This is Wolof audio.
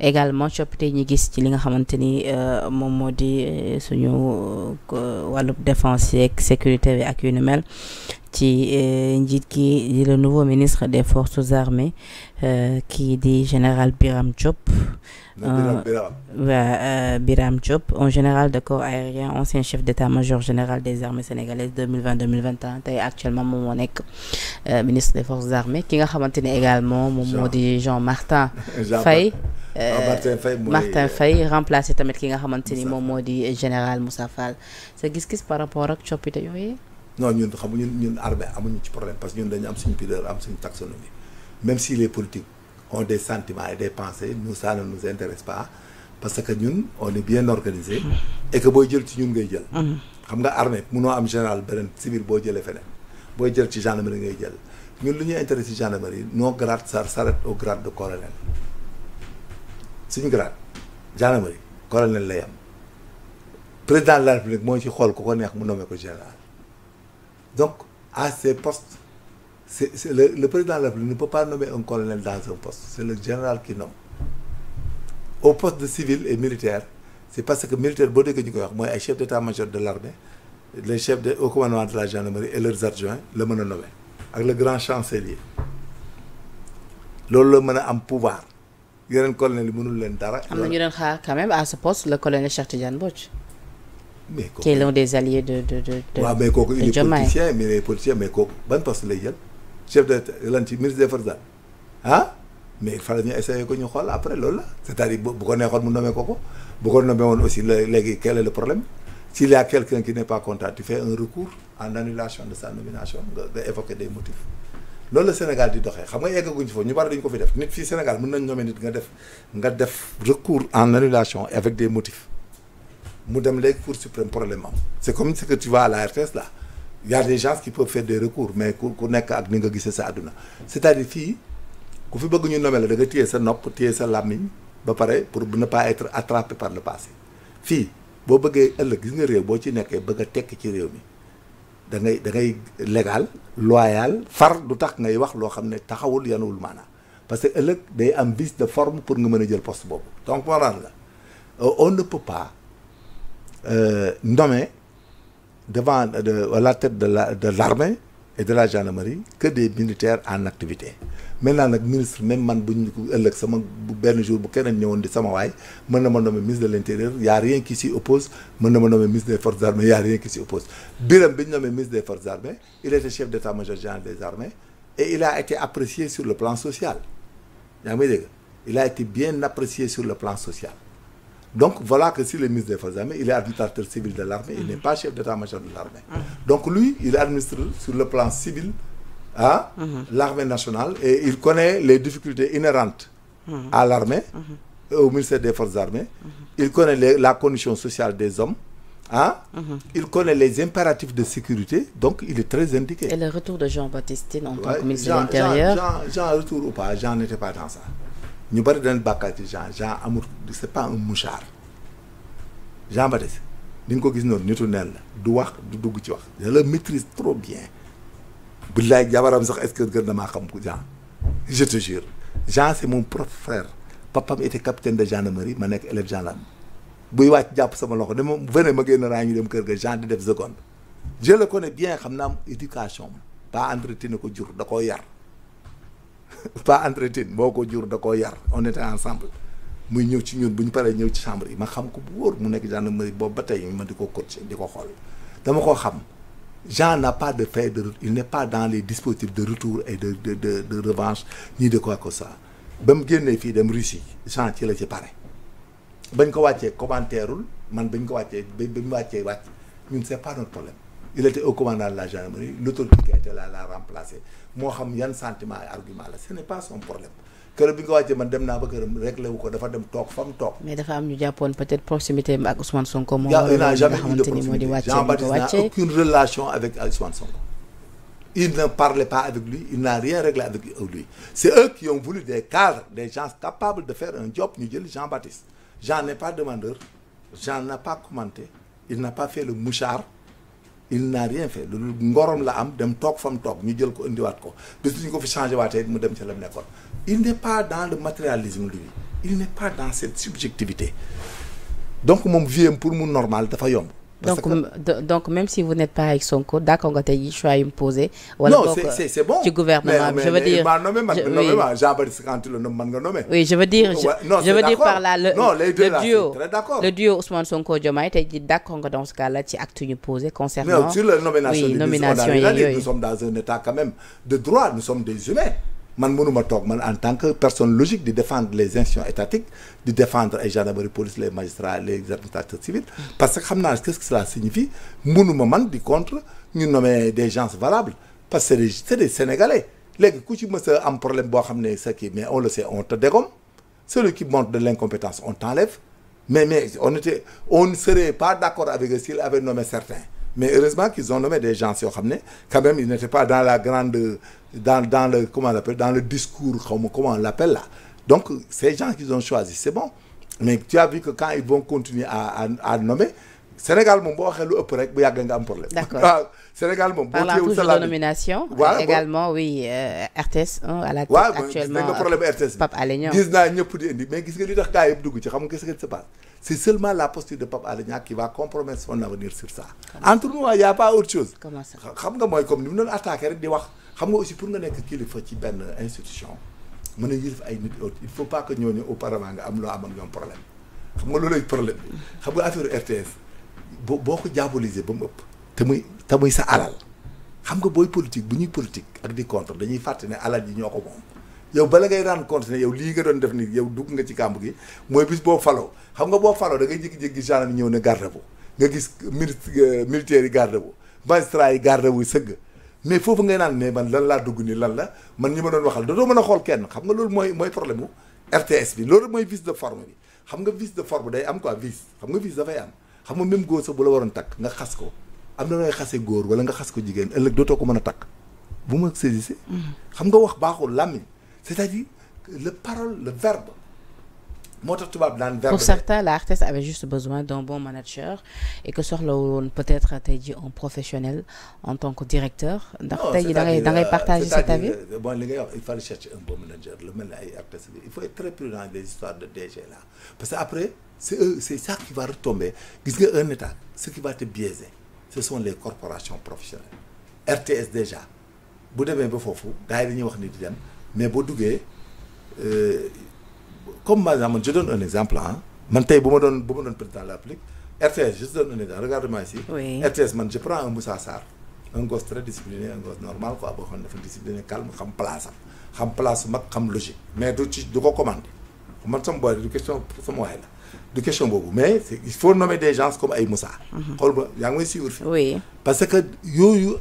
également coppite yi ñu gis ci li nga xamante ni euh, moom moo di euh, suñu euh, wàllub défense yeeg sécurité bi ak yu ni mel ci euh, njiit ki di le nouveau ministre des forces armées kii euh, di général Birame Diop waa euh, Birame Diop général de corps aérien ancien chef d'état-major général des armées sénégalaises 2020 2021 tey actuellement moom moo nekk ministre des forces armées ki nga xamante ne également moom moo di Jean Martin Faye Martin Faye remplacé tamit ki nga xamante ni moom moo di général Moussa Fall sa gis-gis par rapport ak coppite yooyu non ñun xam ñun ñun armée amuñu ci problème parce que ñun dañu am suñu pudeur am suñu taxonomie même si les politiques on des sentiments et des pensées nous ça ne nous intéresse pas parce que ñun on est bien organisé et booy jël ci ñun ngay jël xam nga armée munoo am général beneen civil boo jëlee feneen booy jël ci gendarmerie ngay jël ñun lu ñuy intéressé ci gendarmerie nos grades sa s'arrête au grade de colonel suñu grade gendarmerie colonel lay am président de la république moo ci xool ku ko neex mu nommé ko général donc à ces postes c'est le, le président de la République ne peut pas nommer un colonel dans un poste c'est le général qui nomme au poste de civil et militaire c'est parce que militaire boo déggee ñu koy wax mooy ay chef d'état-major de l'armée les chefs de au commandement de la gendarmerie et leurs adjoints la mën a nommer ak le grand chancelier loolu la mën a am pouvoir yeneen colonel yi mënul leen dara. am na ñu doon xaar quand même à ce poste le colonel Cheikh Tidiane Mbodj. mais kooku qui est l'un des alliés de de de de. waaw mais kooku il est politicien mais mais politicien mais kooku ban poste lay jël chef de lan ci ministre des forces ah mais il fallait ñu essayer ko ñu xool après loolu la c'est-à-dire bu ko neexoon mu nommé kooku bu ko nommé woon aussi léegi quel est problème s'il y a quelqu'un qui n'est pas content tu fais un recours en annulation de sa nomination nga nga évoquer des motifs. loolu la Sénégal di doxee xam nga yeggaguñ ci foofu ñu bari dañu ko fi def nit fii Sénégal mën nañ ñoome nit nga def nga def recours en annulation avec des mu dem léegi cour suprême problème am c'est comme ce que tu vois à la RTS là il y a des qui peuvent faire des recours mais ku ku nekk ak ni nga gisee sa àdduna c'est-à-dire fii ku fi bëgg ñu nommer la da nga téye sa nopp téye sa làmmiñ ba pare pour ne pas être attrapé par le passé fii boo bëggee ëllëg gis nga réew boo ci nekkee bëgg a tekk ci réew mi da ngay da ngay légal loyal far du tax ngay wax loo xam ne taxawul yanuwul maanaam parce que ëllëg day am vice de forme pour nga mën a jël poste boobu donc maanaam la on ne euh, nommer devant euh, de, la tête de la de l'armée et de la gendarmerie que des militaires en activité maintenant nag ministre même man bu ñu ëllëg sama benn jour bu keneen ñëwoon di sama waay mën na ma nommer ministre de l'intérieur y a rien qui s'y oppose mën na ma nommer ministre des forces armées y a rien qui s'y oppose Birame bi ñu nommé des forces armées il était chef d'état-major général des armées et il a été apprécié sur le plan social yaa ngi may dégg il a été bien apprécié sur le plan social donc voilà que si le ministre des Forces armées il de l'armée il n'est pas chef d'état-major de l'armée donc lui il administre sur le plan civil ah l'armée nationale et il connaît les difficultés inhérentes à l'armée euh, au ministère des Forces armées il connaît la condition sociale des hommes ah mm il connaît les impératifs de sécurité donc il est très indiqué et le retour de Jean Baptiste en tant que ministre de l'Intérieur Jean, retour ou pas Jean n'était pas dans ñu bari dañ bàkkaat ci Jean Jean amul c'est pas un mouchard Jean Baptiste ni nga ko gis noonu nitu neen la du wax du dugg ci wax da la maîtrise trop bien billaay jabaram sax est kër que na maa xam ko Jean je te jure Jean c'est mon propre frère papam était capitaine de gendarmerie ma nekk élève la buy wàcc jàpp sama loxo dama vene ma génn a ñu dem kër ga Jean di def seconde je ko ne bien xam naa am éducation ba entretien ko jur da koo yar pas entretien boo ko jur da ko yar on était ensemble muy ñëw ci ñun bu ñu paree ñëw ci chambre yi ma xam ko bu wóor mu nekk gendarmerie boobu ba tey ma di ko coacher di ko xool dama ko xam Jean n'a pas de fait de il n'est les dispositifs de retour et de de de de revanche ni de quoi que ça ba mu génnee fii dem Russie Jean ci la ci pare bañ ko wàccee commentaire man bañ ko wàccee ba bañ wàccee wàcc ñun c'est pas notre problème. il était au commandant de la gendarmerie l'autorité qui était là la moo xam yan sentiment argument la ce n'est pas son problème kër bi nga wàccee man dem naa ba këram réglé wu ko dafa dem toog fa mu toog. mais dafa am ñu jàppoon peut-être proximité am ak Ousmane Sonko. moom mooy li nga xamante ni moo di wàccee Jean-Baptiste n'a aucune relation avec il ne parlait pas avec lui il n'a rien réglé avec lui c'est eux qui ont voulu des cadres des gens capables de faire un job ñu jël Jean-Baptiste Jean n'est il n'a rien fait lu dul ngorom la am dem toog fa mu toog ñu jël ko indiwaat ko bis ñu ko fi changé waatee mu dem ca la mu nekkoon il n'est pas dans le matérialisme lui il n'est pas dans cette subjectivité donc moom vie pour mu normal dafa yomb Parce donc, donc, même si vous n'êtes pas avec Sonko, d'accord, quand tu choix m voilà non, c'est bon. Du gouvernement, mais, mais, je veux dire. Oui. oui. je veux dire, par là, le, non, le duo, là, le duo Ousmane Sonko Diomaye, tu dit d'accord dans ce la nomination, oui, nomination nous, on a, là, nous sommes dans un état quand même de droit, nous sommes des man mënuma toog man en tant que personne logique di défendre les institutions étatiques di défendre ay gendarmerie police les magistrats les administrateurs civils parce que xam naa qu'est-ce que cela signifie mënuma man di contre ñu nommer des gens valables parce que c'est des c'est des sénégalais léegi ku problème boo xam ne sa kii mais on le sait on te dégomme celui qui montre de l'incompétence on t'enlève mais mais on était on ne pas d'accord avec eux s'il avait certains mais heureusement qu'ils ont nommé des gens yoo xam ne quand même ils n'étaient pas dans la grande dans le comment on l'appelle dans le discours comme comment on l'appelle là donc ces gens qu'ils ont choisi c'est bon mais tu as vu que quand ils vont continuer à nommer Sénégal rek bu yàgg nga am problème. moom. boo téyewu toujours de également oui euh, RTS 1 à la tête problème euh, RTS bi. Pape Alé Niang gis naa di mais gis nga li tax gars yëpp dugg ci xam nga qu'est-ce qui se passe. C'est seulement la posture de Pape Alé Niang qui va compromettre son sur ça. entre nous y' a pas autre chose. xam nga mooy comme ni mu doon attaqué rek di wax xam nga aussi pour nga nekk kilifa ci benn institution mën a yilif ay nit autre il faut pas que ñooñu auparavant nga am loo am ak ñoom problème xam nga loolay problème bi. xam nga affaire RTS boo boo ko diaboliser ba mu ëpp. te muy te muy sa alal xam nga booy politique bu ñuy politique ak di contre dañuy fàtte ne alal yi ñoo ko yow bala ngay rendre compte ne yow lii nga doon def ni yow dugg nga ci kàmb gi mooy bis boo faloo xam nga boo faloo da ngay jékki-jékki gendarme ñëw ne garde bu nga gis ministre euh, yi garde bu magistrat yi garde bu sëgg mais foofu ngay naan mais man lan laa dugg ni lan la man ñi ma doon waxal dootoo mën a xool kenn xam nga loolu mooy mooy problème mu RTS bi loolu mooy vice de forme bi xam nga vice de forme day am quoi vice xam nga vice dafay am xam nga même góor sax la waroon takk nga xas ko am na nooy xasee góor wala nga xas ko jigéen ëllëg dootoo ko mën a takk bu mm-hmm. xam nga wax baaxul làmmiñ c'est-à-dire le parole le verbe moo tax tubaab daan verbe pour certains l'artiste avait juste besoin d'un bon manager et que soxla woon peut-être tey ji un professionnel en tant que directeur ndax tey ji da ngay da ngay partager euh, cet avis euh, bon li ngay wax il fallait chercher un mel ne ay artistes il faut être très prudent des histoires de DG là parce que après c'est eux qui va retomber gis nga un état ce qui va te biaiser ce sont les corporations professionnelles RTS déjà bu demee ba foofu gars yi dañuy wax ni di dem mais boo duggee euh, comme par exemple je donne un exemple man tey bu ma doon bu ma doon président de la République RTS je donne un exemple regarde-moi ici. oui RTS man je prends un Moussa Sarr un gosse très discipliné un gosse normal quoi boo xam ne dafa discipliné calme xam place xam place mag xam logique. mais du ci du ko commandé man sama boy du question sama waay la. du question boobu mais il faut nommer des gens comme ay Moussa. Mhm. xool ba yaa ngi may suivre fi. parce que yooyu.